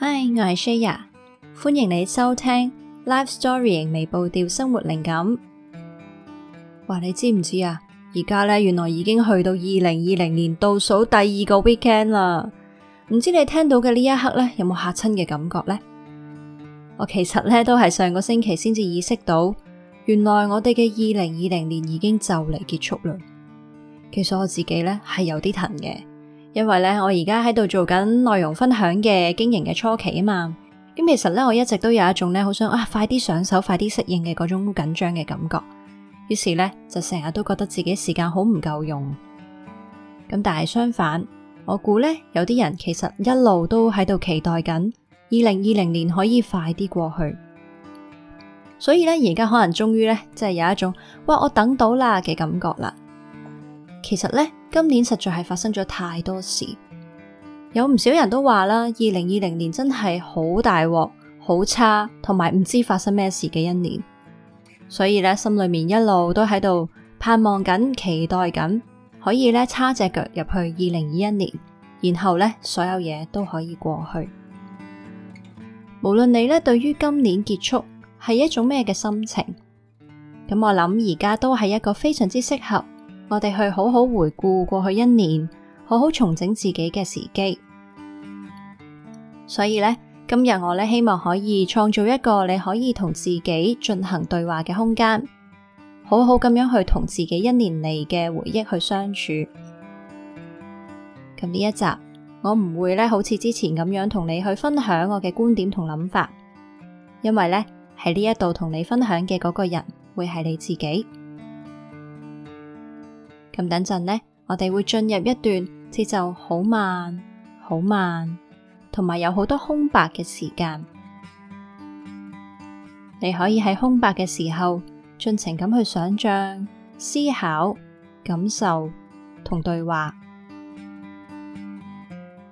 嗨，Hi, 我係 Shaya，歡迎你收聽 Life Story，微布調生活靈感。話你知唔知啊？而家咧，原來已經去到二零二零年倒數第二個 Weekend 啦。唔知你聽到嘅呢一刻咧，有冇吓親嘅感覺咧？我其實咧都係上個星期先至意識到，原來我哋嘅二零二零年已經就嚟結束啦。其實我自己咧係有啲疼嘅。因為咧，我而家喺度做緊內容分享嘅經營嘅初期啊嘛，咁其實咧，我一直都有一種咧，好想啊，快啲上手，快啲適應嘅嗰種緊張嘅感覺。於是咧，就成日都覺得自己時間好唔夠用。咁但係相反，我估咧，有啲人其實一路都喺度期待緊二零二零年可以快啲過去。所以咧，而家可能終於咧，即係有一種哇，我等到啦嘅感覺啦。其實咧，今年實在係發生咗太多事，有唔少人都話啦，二零二零年真係好大鑊、好差，同埋唔知發生咩事嘅一年。所以咧，心裏面一路都喺度盼望緊、期待緊，可以咧叉隻腳入去二零二一年，然後咧所有嘢都可以過去。無論你咧對於今年結束係一種咩嘅心情，咁我諗而家都係一個非常之適合。我哋去好好回顧過去一年，好好重整自己嘅時機。所以咧，今日我咧希望可以創造一個你可以同自己進行對話嘅空間，好好咁樣去同自己一年嚟嘅回憶去相處。咁呢一集，我唔會咧好似之前咁樣同你去分享我嘅觀點同諗法，因為咧喺呢一度同你分享嘅嗰個人會係你自己。咁等陣呢，我哋會進入一段節奏好慢、好慢，同埋有好多空白嘅時間。你可以喺空白嘅時候，盡情咁去想象、思考、感受同對話。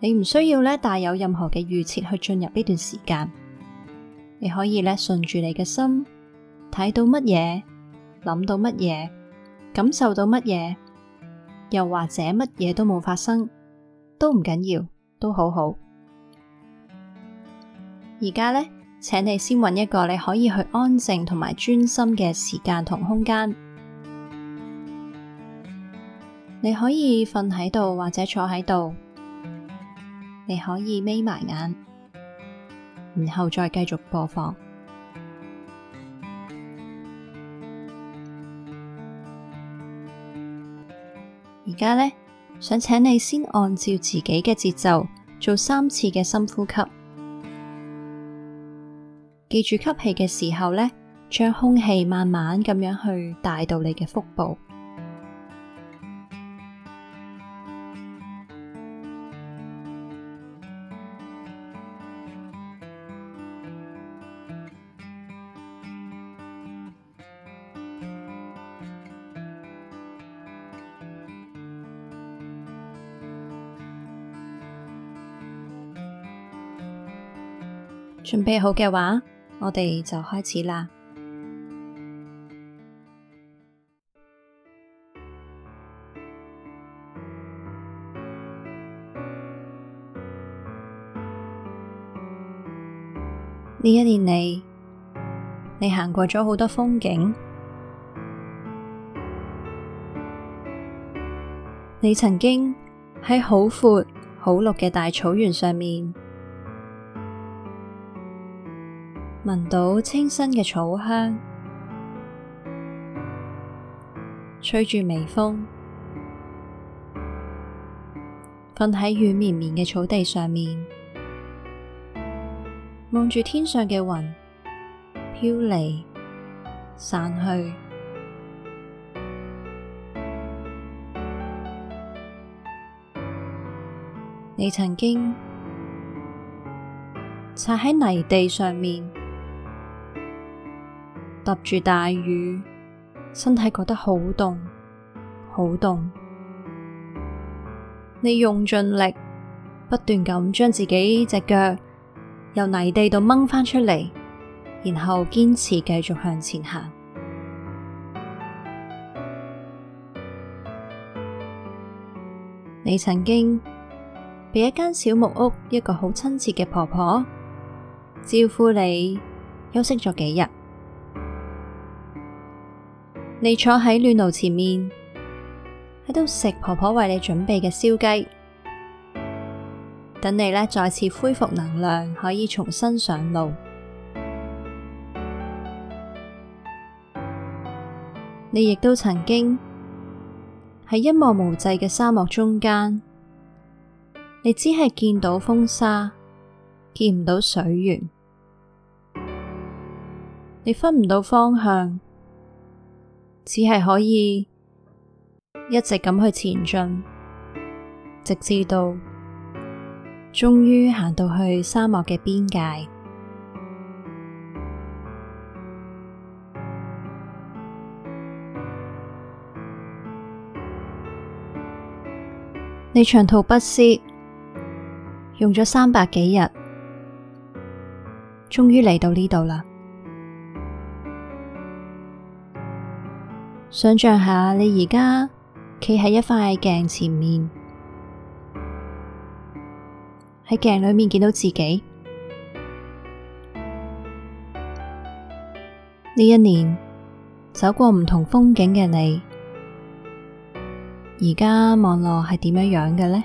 你唔需要咧帶有任何嘅預設去進入呢段時間，你可以咧順住你嘅心，睇到乜嘢，諗到乜嘢，感受到乜嘢。又或者乜嘢都冇發生，都唔緊要，都好好。而家呢，請你先揾一個你可以去安靜同埋專心嘅時間同空間。你可以瞓喺度或者坐喺度，你可以眯埋眼，然後再繼續播放。而家咧，想請你先按照自己嘅節奏，做三次嘅深呼吸。記住吸氣嘅時候咧，將空氣慢慢咁樣去帶到你嘅腹部。準備好嘅話，我哋就開始啦。呢一年嚟，你行過咗好多風景。你曾經喺好闊、好綠嘅大草原上面。聞到清新嘅草香，吹住微風，瞓喺軟綿綿嘅草地上面，望住天上嘅雲飄嚟散去。你曾經踩喺泥地上面。揼住大雨，身體覺得好凍，好凍。你用盡力，不斷咁將自己隻腳由泥地度掹返出嚟，然後堅持繼續向前行。你曾經俾一間小木屋，一個好親切嘅婆婆照顧你，休息咗幾日。你坐喺暖爐前面，喺度食婆婆為你準備嘅燒雞，等你呢再次恢復能量，可以重新上路。你亦都曾經喺一望無際嘅沙漠中間，你只係見到風沙，見唔到水源，你分唔到方向。只係可以一直咁去前進，直至到終於行到去沙漠嘅邊界。 你長途跋涉，用咗三百幾日，終於嚟到呢度啦。想象下，你而家企喺一塊鏡前面，喺鏡裏面見到自己。呢一年，走過唔同風景嘅你，而家望落係點樣樣嘅呢？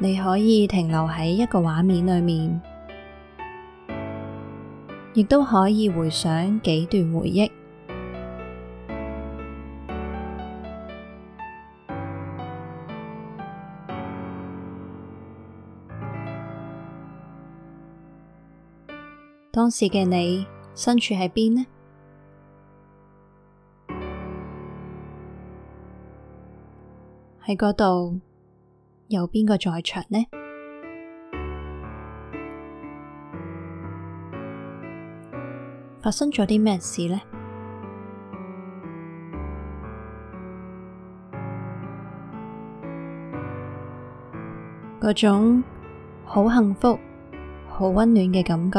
你可以停留喺一個畫面裏面，亦都可以回想幾段回憶。當時嘅你身處喺邊呢？喺嗰度。有邊個在場呢？發生咗啲咩事呢？嗰種好幸福、好溫暖嘅感覺，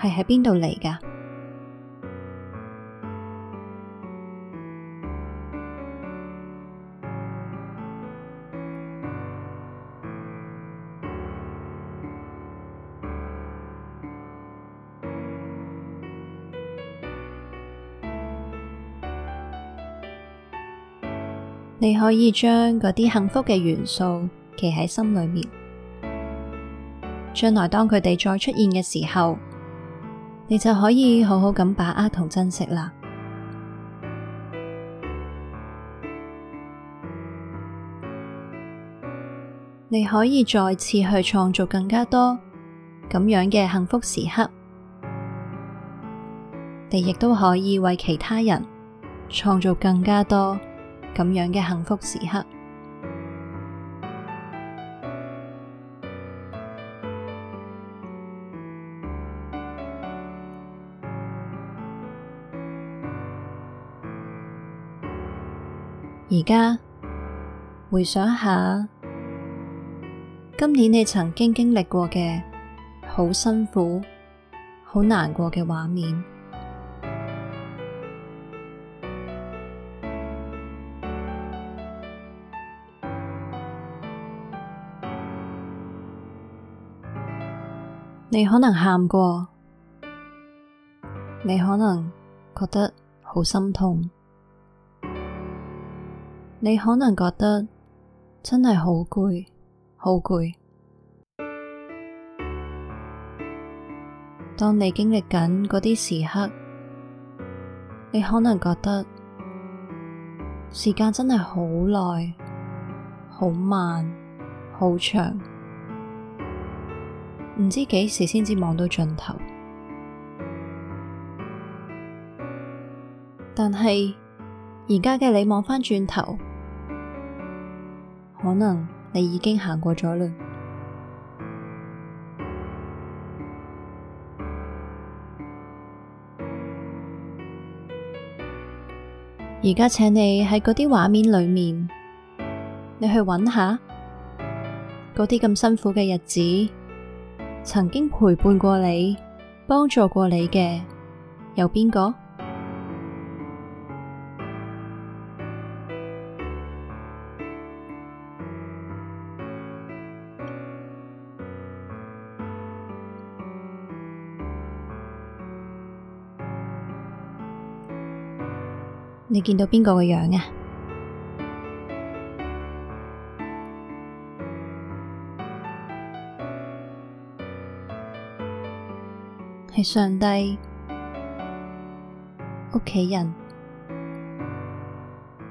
係喺邊度嚟㗎？你可以將嗰啲幸福嘅元素記喺心裏面，將來當佢哋再出現嘅時候，你就可以好好咁把握同珍惜啦。你可以再次去創造更加多咁樣嘅幸福時刻，你亦都可以為其他人創造更加多。咁樣嘅幸福時刻。而家回想下，今年你曾經經歷過嘅好辛苦、好難過嘅畫面。你可能喊過，你可能覺得好心痛，你可能覺得真係好攰，好攰。當你經歷緊嗰啲時刻，你可能覺得時間真係好耐，好慢，好長。唔知幾時先至望到盡頭，但係而家嘅你望返轉頭，可能你已經行過咗啦。而家請你喺嗰啲畫面裏面，你去揾下嗰啲咁辛苦嘅日子。曾經陪伴過你、幫助過你嘅有邊個？你見到邊個嘅樣啊？係上帝、屋企人、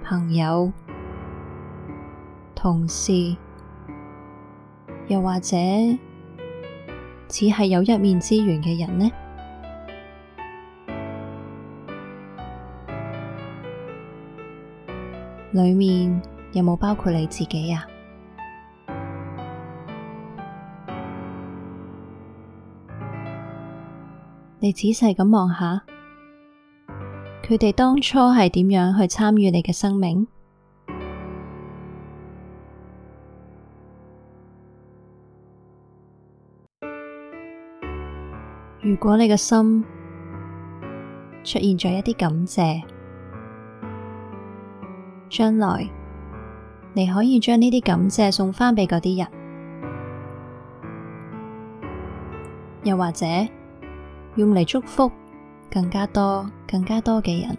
朋友、同事，又或者只係有一面之緣嘅人呢？裏面有冇包括你自己啊？你仔細咁望下，佢哋當初係點樣去參與你嘅生命？如果你嘅心出現咗一啲感謝，將來你可以將呢啲感謝送翻畀嗰啲人，又或者。用嚟祝福更加多、更加多嘅人。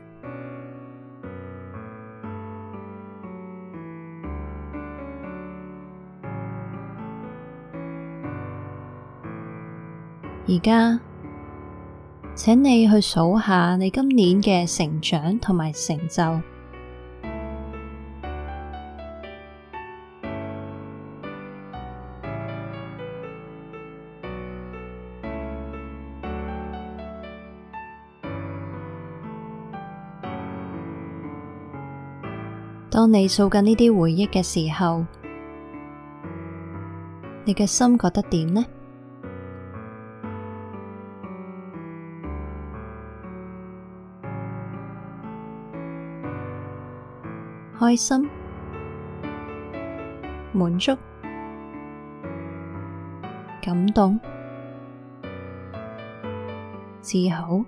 而家，請你去數下你今年嘅成長同埋成就。當你數緊呢啲回憶嘅時候，你嘅心覺得點呢？開心、滿足、感動、自豪。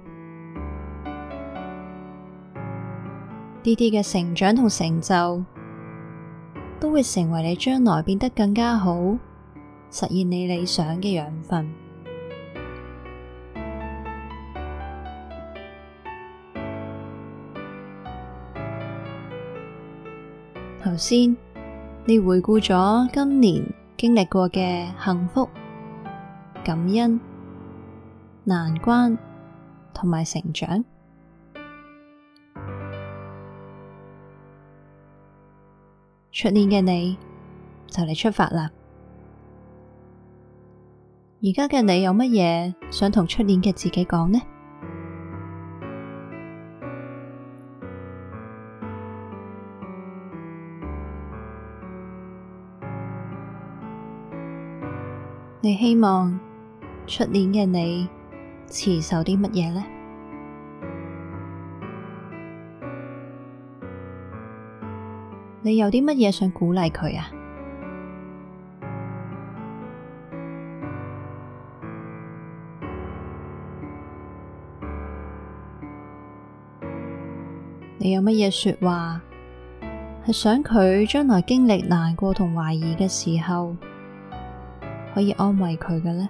啲啲嘅成長同成就，都會成為你將來變得更加好、實現你理想嘅養分。頭先，你回顧咗今年經歷過嘅幸福、感恩、難關同埋成長。出年嘅你就嚟出發啦！而家嘅你有乜嘢想同出年嘅自己講呢？ 你希望出年嘅你持守啲乜嘢呢？你有啲乜嘢想鼓勵佢啊？你有乜嘢說話係想佢將來經歷難過同懷疑嘅時候可以安慰佢嘅呢？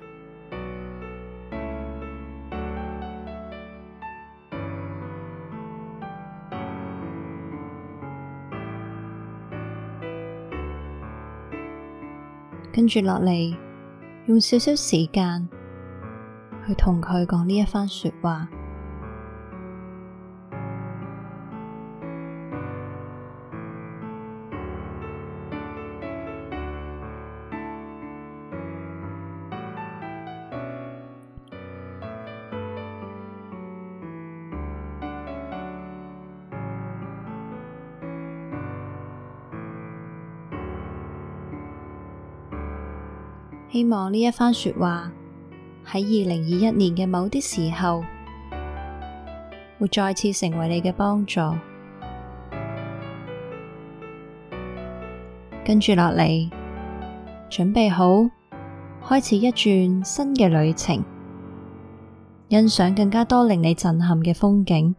跟住落嚟，用少少時間去同佢講呢一番說話。希望呢一番說話喺二零二一年嘅某啲時候，會再次成為你嘅幫助。跟住落嚟，準備好開始一段新嘅旅程，欣賞更加多令你震撼嘅風景。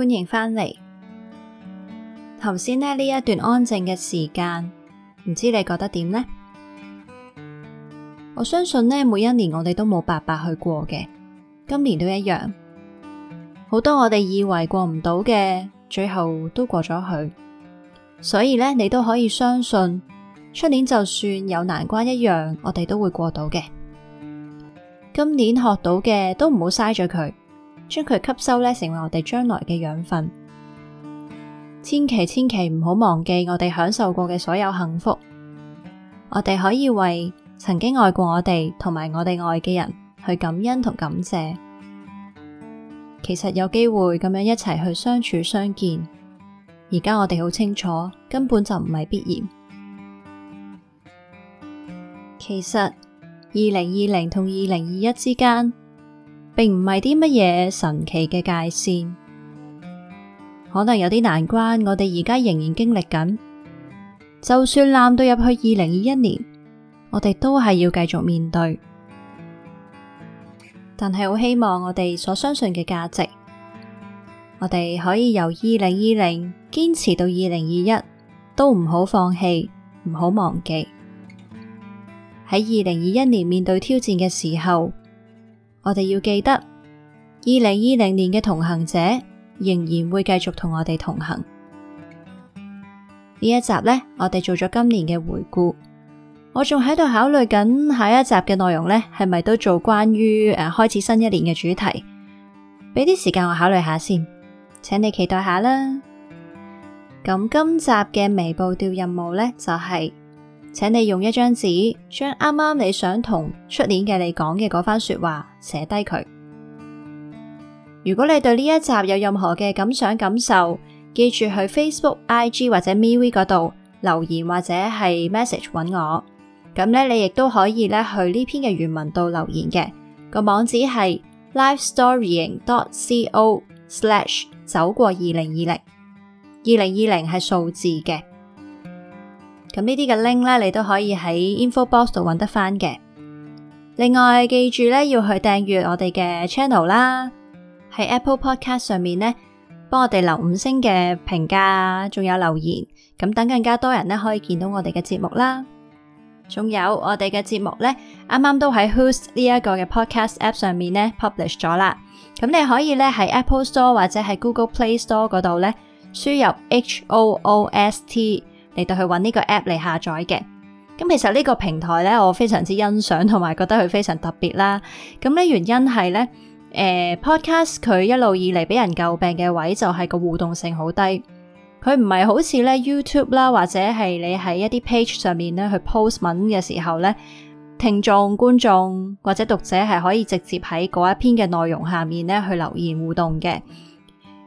歡迎返嚟。頭先呢呢一段安靜嘅時間，唔知你覺得點呢？我相信呢每一年我哋都冇白白去過嘅，今年都一樣。好多我哋以為過唔到嘅，最後都過咗去。所以呢，你都可以相信，出年就算有難關一樣，我哋都會過到嘅。今年學到嘅都唔好嘥咗佢。將佢吸收呢，成為我哋將來嘅養分。千祈千祈唔好忘記我哋享受過嘅所有幸福。我哋可以為曾經愛過我哋同埋我哋愛嘅人去感恩同感謝。其實有機會咁樣一齊去相處相見，而家我哋好清楚，根本就唔係必然。其實，二零二零同二零二一之間。並唔係啲乜嘢神奇嘅界線，可能有啲難關，我哋而家仍然經歷緊。就算攬到入去二零二一年，我哋都係要繼續面對。但係好希望我哋所相信嘅價值，我哋可以由二零二零堅持到二零二一，都唔好放棄，唔好忘記。喺二零二一年面對挑戰嘅時候，我哋要記得，二零二零年嘅同行者仍然會繼續同我哋同行。呢一集呢，我哋做咗今年嘅回顧。我仲喺度考慮緊下一集嘅內容呢，係咪都做關於誒、呃、開始新一年嘅主題？俾啲時間我考慮下先，請你期待下啦。咁今集嘅微步調任務呢，就係、是。請你用一張紙將啱啱你想同出年嘅你講嘅嗰番說話寫低佢。如果你對呢一集有任何嘅感想感受，記住去 Facebook、IG 或者 MeWe 嗰度留言或者係 message 揾我。咁咧，你亦都可以咧去呢篇嘅原文度留言嘅，個網址係 lifestorying.co/ 走過二零二零二零二零係數字嘅。咁呢啲嘅 link 咧，你都可以喺 info box 度揾得返嘅。另外，記住咧，要去訂閱我哋嘅 channel 啦。喺 Apple Podcast 上面咧，幫我哋留五星嘅評價，仲有留言，咁等更加多人咧可以見到我哋嘅節目啦。仲有我哋嘅節目咧，啱啱都喺 Hoost 呢一個嘅 podcast app 上面咧 publish 咗啦。咁你可以咧喺 Apple Store 或者喺 Google Play Store 嗰度咧輸入 H O O S T。你哋去揾呢個 app 嚟下載嘅，咁其實呢個平台咧，我非常之欣賞，同埋覺得佢非常特別啦。咁咧，原因係咧，誒、呃、podcast 佢一路以嚟俾人詬病嘅位就係個互動性好低，佢唔係好似咧 YouTube 啦，或者係你喺一啲 page 上面咧去 post 文嘅時候咧，聽眾、觀眾或者讀者係可以直接喺嗰一篇嘅內容下面咧去留言互動嘅。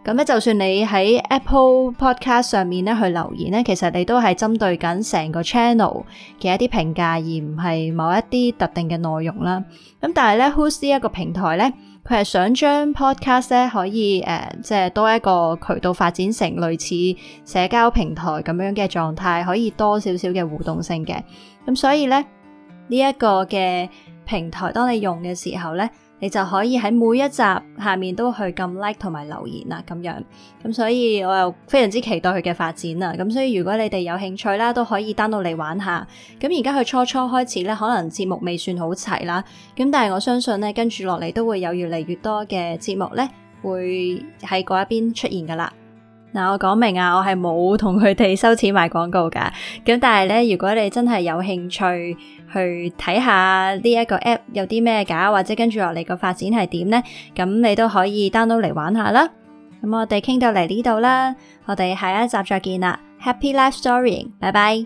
咁咧，就算你喺 Apple Podcast 上面咧去留言咧，其實你都係針對緊成個 channel 嘅一啲評價，而唔係某一啲特定嘅內容啦。咁但係咧，Who’s 呢一個平台咧，佢係想將 Podcast 咧可以誒，即係多一個渠道發展成類似社交平台咁樣嘅狀態，可以多少少嘅互動性嘅。咁所以咧，呢一個嘅平台，當你用嘅時候咧。你就可以喺每一集下面都去撳 like 同埋留言啦，咁樣。咁所以我又非常之期待佢嘅發展啦。咁所以如果你哋有興趣啦，都可以 download 嚟玩下。咁而家佢初初開始咧，可能節目未算好齊啦。咁但係我相信咧，跟住落嚟都會有越嚟越多嘅節目咧，會喺嗰一邊出現噶啦。嗱、嗯，我講明啊，我係冇同佢哋收錢賣廣告噶。咁但係咧，如果你真係有興趣去睇下呢一個 App 有啲咩噶，或者跟住落嚟個發展係點咧，咁你都可以 download 嚟玩下啦。咁我哋傾到嚟呢度啦，我哋下一集再見啦。Happy Life Story，拜拜。